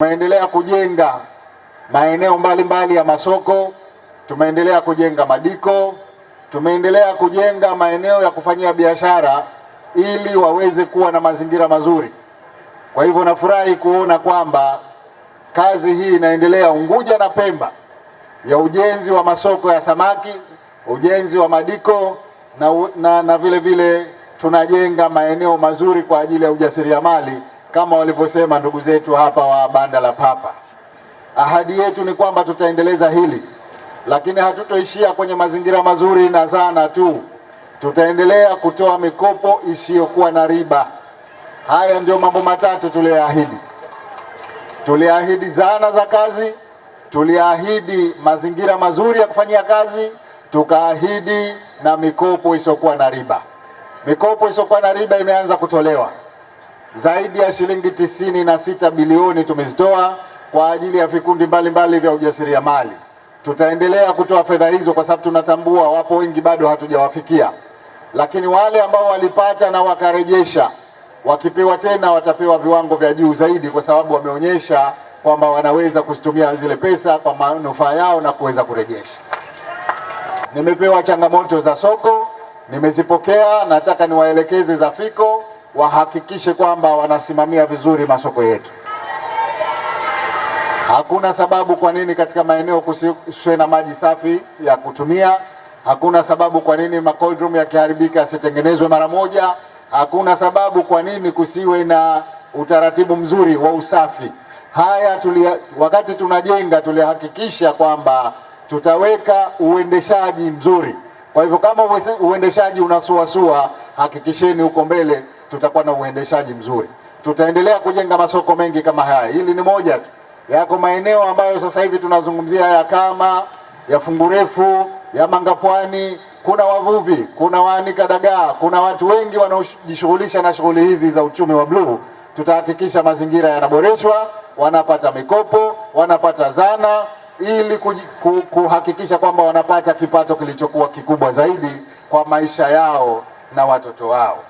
Tumeendelea kujenga maeneo mbalimbali mbali ya masoko, tumeendelea kujenga madiko, tumeendelea kujenga maeneo ya kufanyia biashara ili waweze kuwa na mazingira mazuri. Kwa hivyo nafurahi kuona kwamba kazi hii inaendelea Unguja na Pemba ya ujenzi wa masoko ya samaki, ujenzi wa madiko na, na, na vile vile tunajenga maeneo mazuri kwa ajili ya ujasiriamali kama walivyosema ndugu zetu hapa wa banda la papa. Ahadi yetu ni kwamba tutaendeleza hili, lakini hatutoishia kwenye mazingira mazuri na zana tu. Tutaendelea kutoa mikopo isiyokuwa na riba. Haya ndio mambo matatu tuliyoahidi. Tuliahidi zana za kazi, tuliahidi mazingira mazuri ya kufanyia kazi, tukaahidi na mikopo isiyokuwa na riba. Mikopo isiyokuwa na riba imeanza kutolewa zaidi ya shilingi tisini na sita bilioni tumezitoa kwa ajili ya vikundi mbalimbali vya ujasiriamali. Tutaendelea kutoa fedha hizo kwa sababu tunatambua wapo wengi bado hatujawafikia, lakini wale ambao walipata na wakarejesha, wakipewa tena watapewa viwango vya juu zaidi, kwa sababu wameonyesha kwamba wanaweza kuzitumia zile pesa kwa manufaa yao na kuweza kurejesha. Nimepewa changamoto za soko, nimezipokea. Nataka niwaelekeze za fiko wahakikishe kwamba wanasimamia vizuri masoko yetu. Hakuna sababu kwa nini katika maeneo kusiwe na maji safi ya kutumia. Hakuna sababu kwa nini cold room yakiharibika yasitengenezwe mara moja. Hakuna sababu kwa nini kusiwe na utaratibu mzuri wa usafi. Haya tulia, wakati tunajenga tulihakikisha kwamba tutaweka uendeshaji mzuri. Kwa hivyo kama uendeshaji unasuasua, hakikisheni huko mbele tutakuwa na uendeshaji mzuri. Tutaendelea kujenga masoko mengi kama haya. Hili ni moja tu, yako maeneo ambayo sasa hivi tunazungumzia ya kama ya Fungurefu, ya Mangapwani, kuna wavuvi, kuna waanika dagaa, kuna watu wengi wanaojishughulisha na shughuli hizi za uchumi wa bluu. Tutahakikisha mazingira yanaboreshwa, wanapata mikopo, wanapata zana ili kuhakikisha kwamba wanapata kipato kilichokuwa kikubwa zaidi kwa maisha yao na watoto wao.